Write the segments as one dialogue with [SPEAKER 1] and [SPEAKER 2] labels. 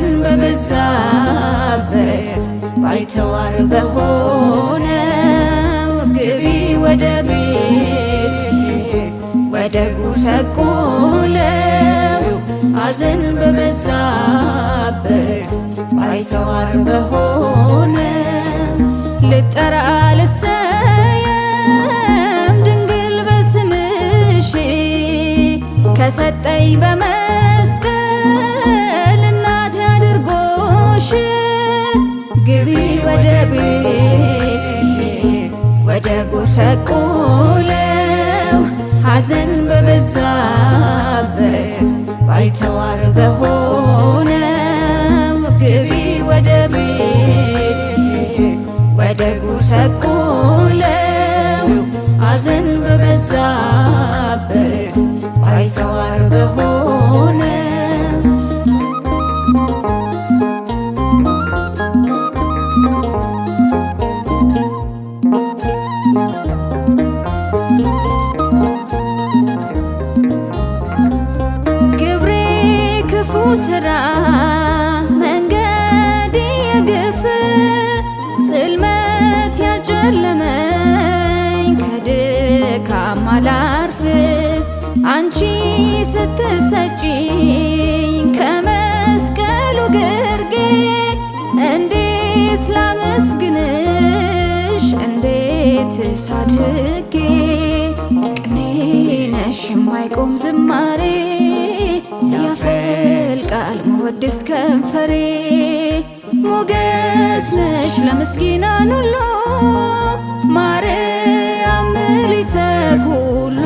[SPEAKER 1] ዘመን በበዛበት ባይተዋር በሆነው ግቢ ወደ ቤት ወደ ጉሰቁለው አዘን በበዛበት ባይተዋር በሆነ ልጠራ ልሰየም ድንግል በስምሽ ከሰጠኝ በመ የተጎሰቆለው ሐዘን በበዛበት ባይተዋር በሆነው ግቢ ወደ ቤት ወደ ጎሰቆለው ሐዘን በበዛበት ባይተዋር በሆነ አታስቀምጪኝ ከመስቀሉ ግርጌ እንዴት ላመስግንሽ እንዴት ሳድጌ ቅኔ ነሽ የማይቆም ዝማሬ ያፈልቃል መወድስ ከንፈሬ ሞገስ ነሽ ለምስኪናን ሁሉ ማርያም ሊተኩሉ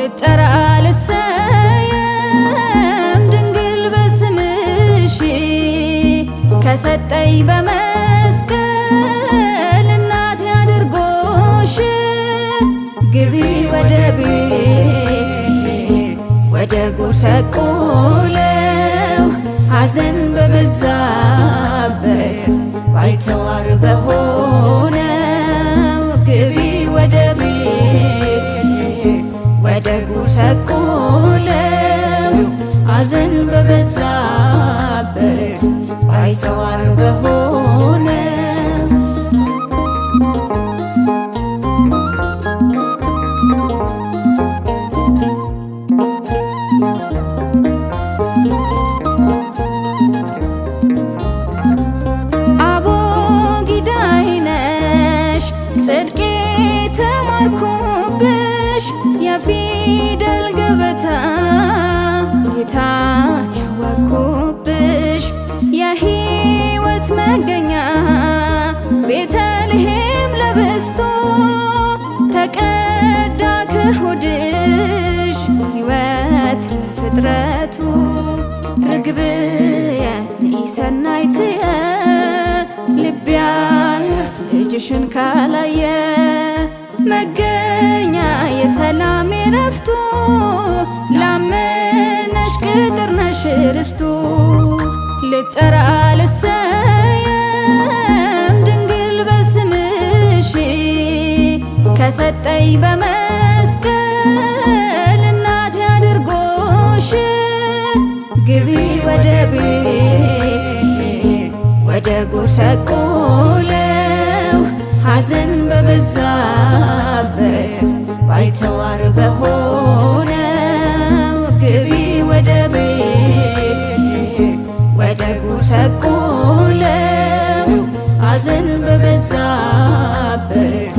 [SPEAKER 1] ልጠራ ልስ በሰጠኝ በመስቀል እናት ያድርጎሽ ግቢ ወደ ቤት ወደ ጎሰቆለው ሐዘን በበዛበት ባይተዋር በሆነው ግቢ ወደ ቤት ወደ ጎሰቆለው ሐዘን በበዛበት አይተዋር በሆነ መገኛ ቤተልሔም ለብስቶ ተቀዳ ክሁድሽ ሕይወት ለፍጥረቱ ርግብየ ንኢሰናይትየ ልቢያፍ ልጅሽን ካላየ መገኛ የሰላሜ ረፍቱ ላምነሽ ቅጥርነሽ ርስቱ ልጠራ ልሰ በሰጠኝ በመስቀል እናት ያድርጎሽ ግቢ ወደ ቤት ወደ ጎሰቆለው ሐዘን በበዛበት ባይተዋር በሆነው ግቢ ወደ ቤት ወደ ጎሰቆለው ሐዘን በበዛበት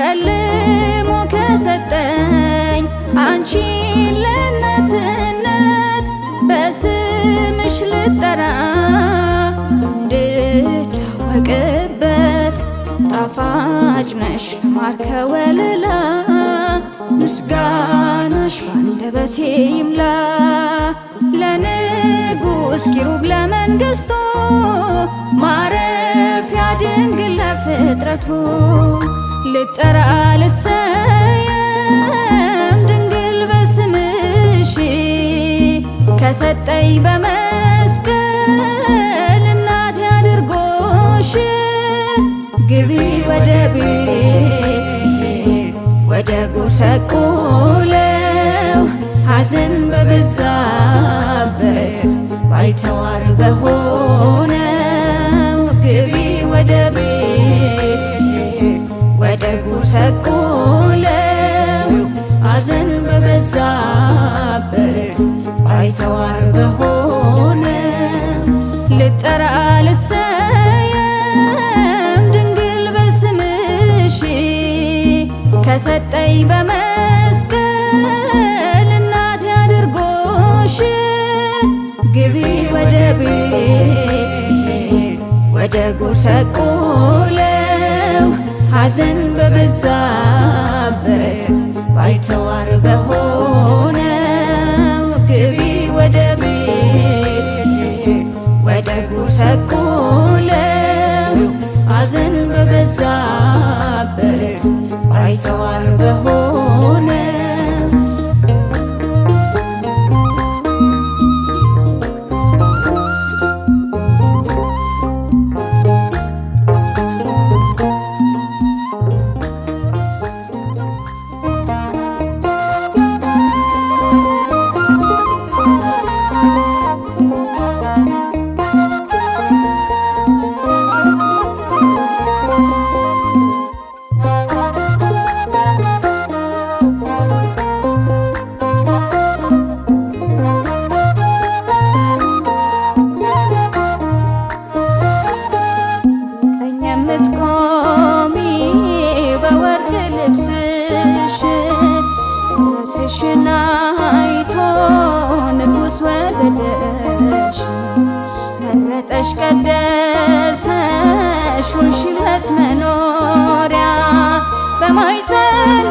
[SPEAKER 1] ሸልሞ ከሰጠኝ አንቺን ለእናትነት በስምሽ ልጠራ እንድታወቅበት ጣፋጭ ነሽ ማርከወልላ ከወለላ ምስጋናሽ ባንደበቴ ይምላ ለንጉስ ኪሩብ ለመንግስቱ ማረፊያ ድንግል ለፍጥረቱ ልጠራ ልሰየም ድንግል በስምሽ ከሰጠኝ በመስቀል እናት ያድርጎሽ ግቢ ወደ ቤት ወደ ጎሰቆለው ሐዘን በበዛበት ባይተዋር በሆነ ተዋር በሆነ ልጠራ ልሰየም ድንግል በስምሽ ከሰጠኝ በመስቀል እናት ያድርጎሽ ግቢ ወደ ቤት ወደ ጎሰቆለው ሐዘን በበዛ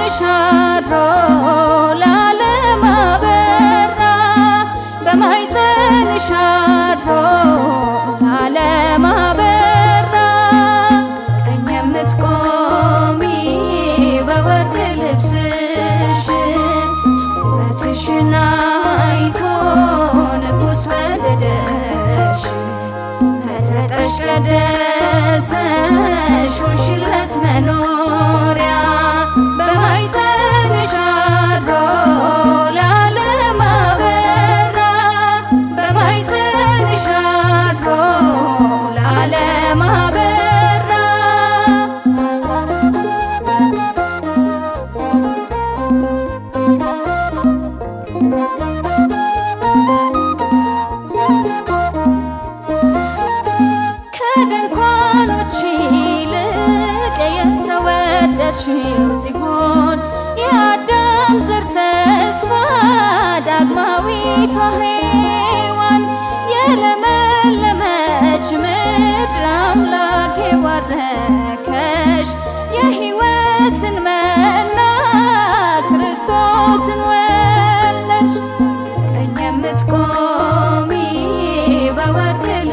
[SPEAKER 1] በቀንሽ አድሮ ለዓለም አበራ በማኅፀንሽ ለዓለም አበራ ቀኝ የምትቆሚ በወርቅ ልብስሽ ውበትሽን አይቶ ንጉሥ ወደደሽ መረጠሽ ቀደሰሽ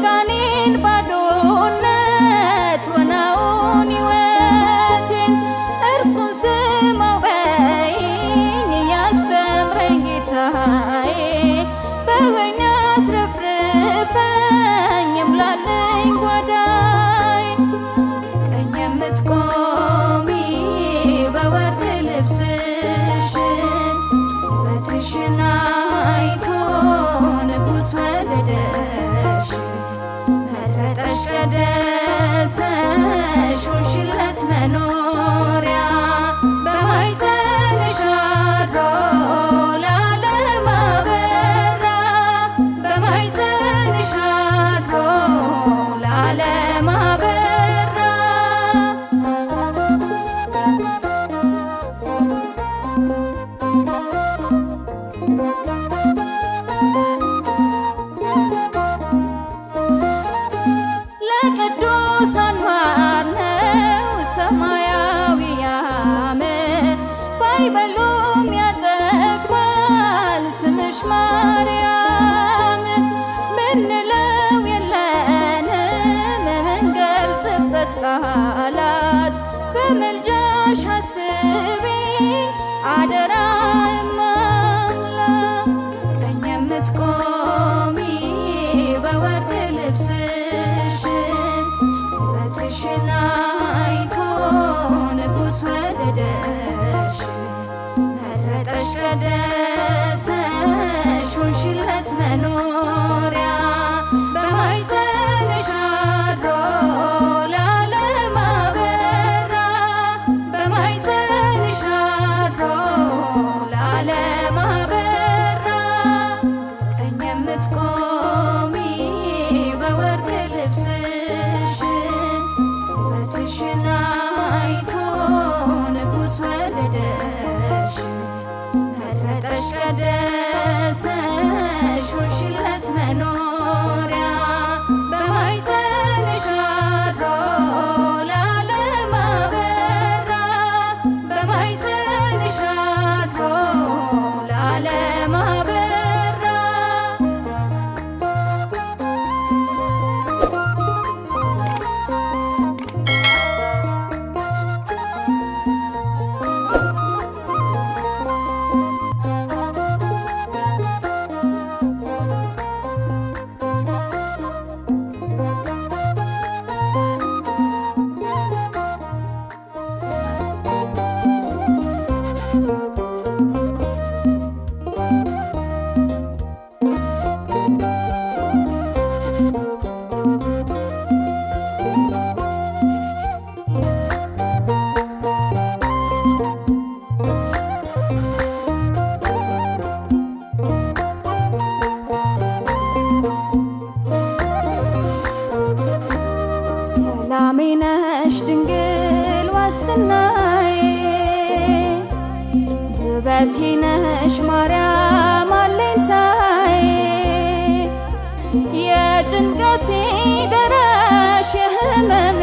[SPEAKER 1] gonna. ትናዬ ውበቴ ነሽ ማርያም አለኝታዬ የጭንቀቴ ደራሽ የህመሜ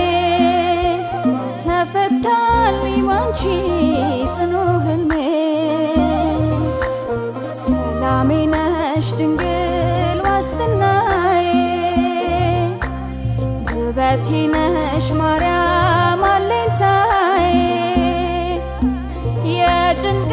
[SPEAKER 1] ተፈታል ባንቺ ጽኑ ህልሜ ሰላሜ ነሽ ድንግል ዋስትናዬ ውበቴ ነሽ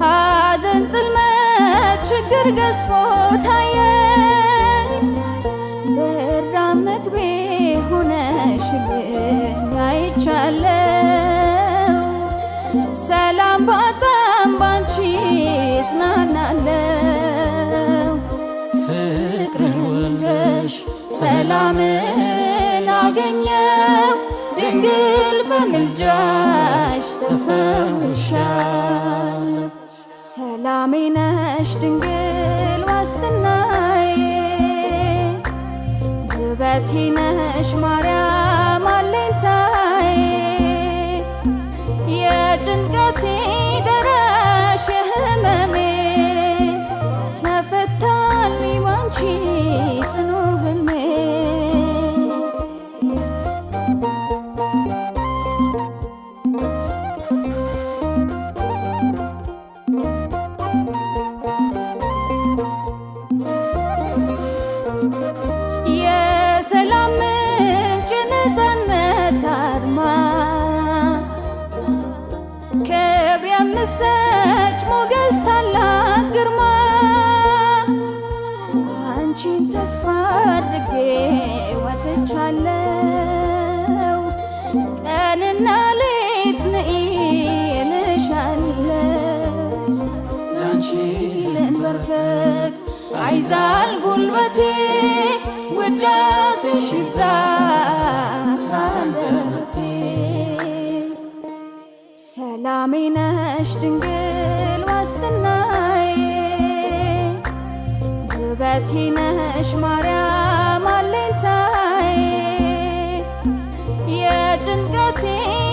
[SPEAKER 1] ሐዘን ጽልመት ችግር ገዝፎ ታየኝ በራ መግቤ ሆነሽልኝ አይቻለው ሰላም ባጣም ባንቺ እጽናናለው ፍቅርን ወልደሽ ሰላምን አገኘው ድንግል በምልጃሽ ተፈ ሕይወቴ ነሽ ማርያም አለኝታዬ የጭንቀቴ ደራሽ የህመሜ ተፈታኒ ባንቺ ጽኑ እልሻለሁ ቀንና ሌት ነይ እልሻለሁ ላንቺ ልንበርከክ አይዛል ጉልበቴ ውዳሴሽ ይብዛ ካንደበቴ ሰላሜ ነሽ ድንግል ዋስትናዬ ውበቴ ነሽ ማርያም tea.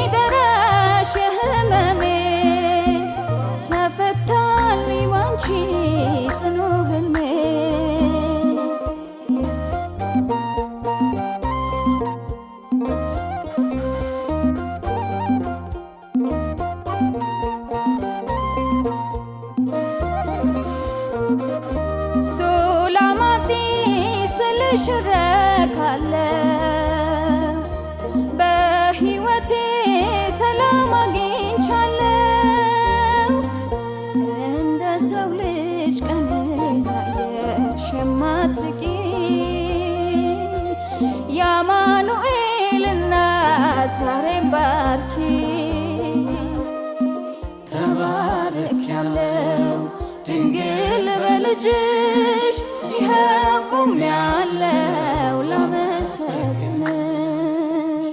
[SPEAKER 1] ልጅሽ ይኸው ቆሜያለሁ ላመሰግንሽ።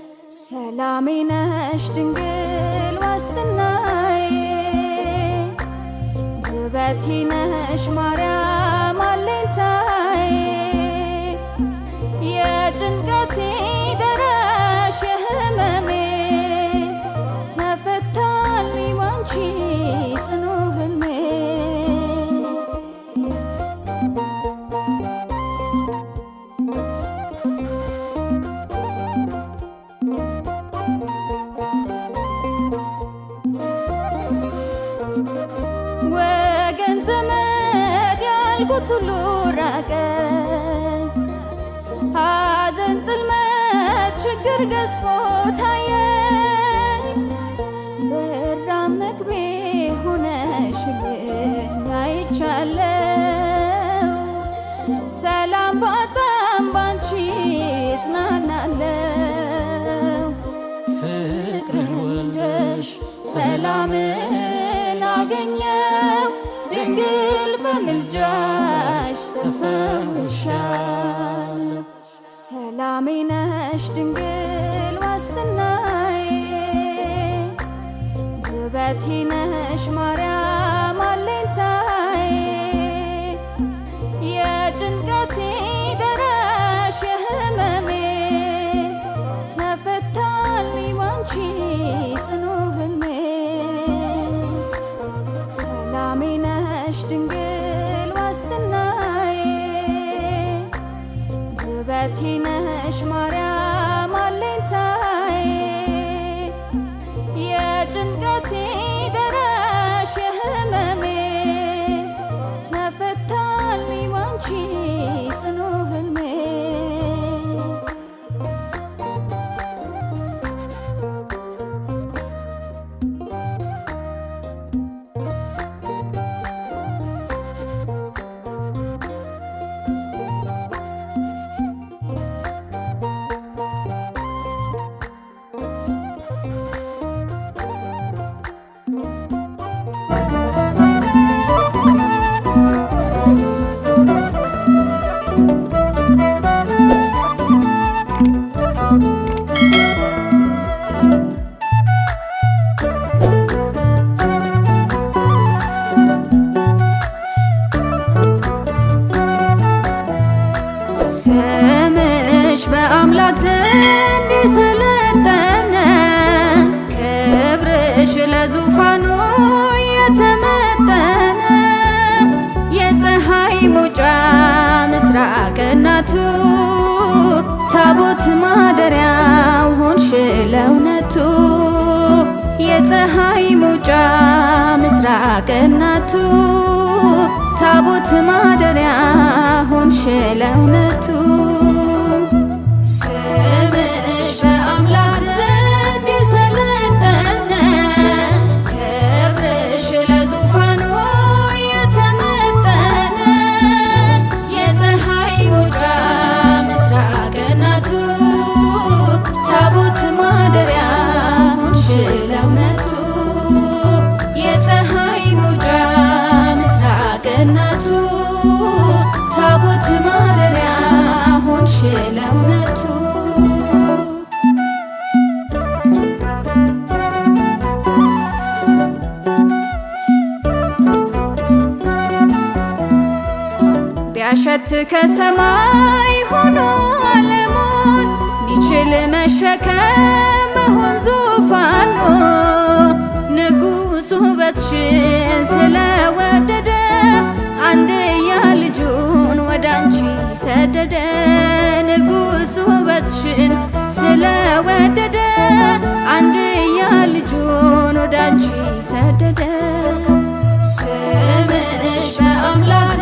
[SPEAKER 1] ሰላሜ ነሽ ድንግል ዋስትናዬ ውበቴ ነሽ ማርያም ያልኩት ሁሉ ራቀኝ። ሐዘን፣ ጽልመት፣ ችግር ገዝፎ ولاتي نهش مريم ቀናቱ ታቦት ማደሪያ ሆንሽ ለእውነቱ ሸት ከሰማይ ሆኖ ዓለሙን ሚችል መሸከም መሆን ዙፋኖ ንጉሱ ውበትሽን ስለወደደ አንድያ ልጁን ወደ አንቺ ሰደደ። ንጉሱ ውበትሽን ስለወደደ አንድያ ልጁን ወደ አንቺ ሰደደ። ስምሽ በአምላክ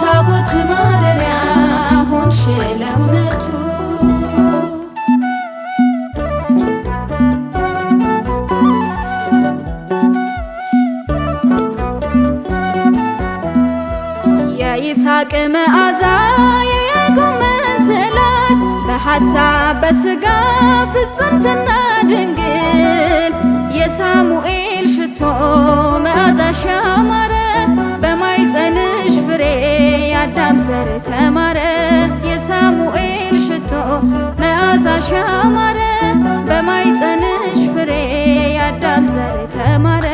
[SPEAKER 1] ታቦት ማደሪያ ሆንሽ ለእውነቱ የይስሐቅ መዓዛ የያዕቆብ ስዕላት በሐሳብ በሥጋ ፍጽምትና ድንግል የሳሙኤል ሽቶ መዓዛሽ ያማረ የአዳም ዘር ተማረ የሳሙኤል ሽቶ መዓዛሽ አማረ በማይጸንሽ ፍሬ የአዳም ዘር ተማረ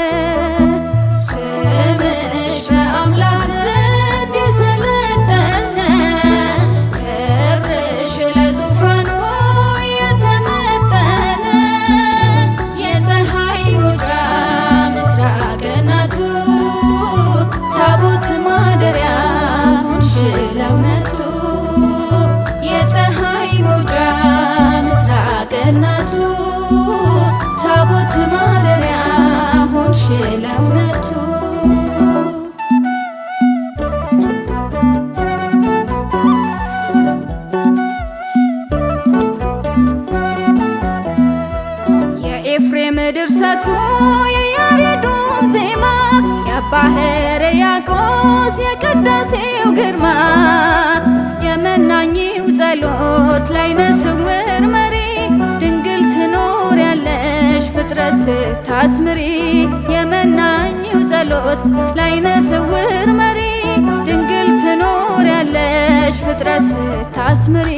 [SPEAKER 1] ታስምሪ የመናኝው ጸሎት ላይነ ስውር መሪ ድንግል ትኖር ያለሽ ፍጥረት ታስምሪ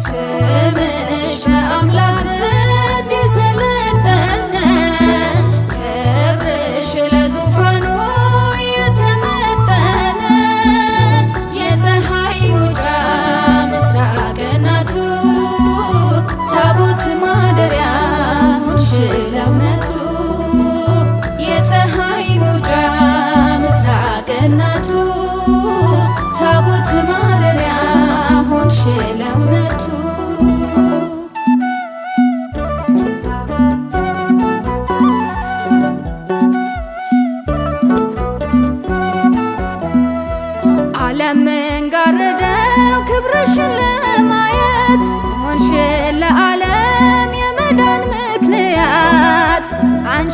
[SPEAKER 1] ስምሽ በአምላክ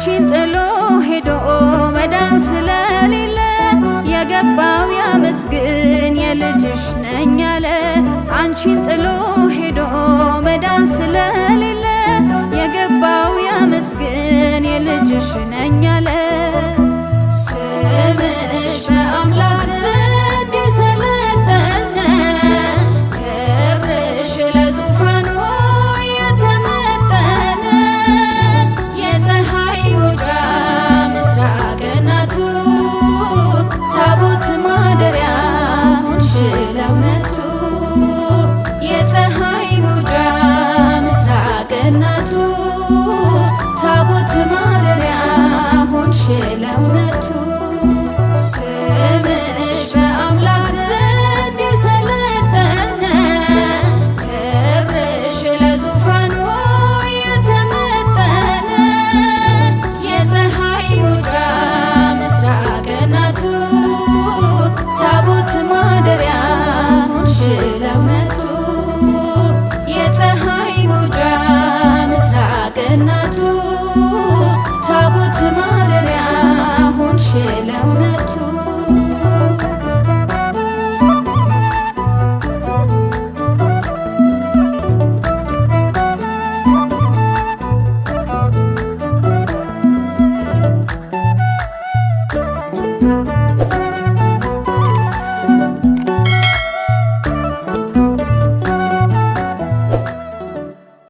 [SPEAKER 1] አንቺን ጥሎ ሄዶ መዳን ስለሌለ የገባው ያመስግን የልጅሽ ነኝ አለ። አንቺን ጥሎ ሄዶ መዳን ስለሌለ የገባው ያመስግን የልጅሽ ነኝ አለ።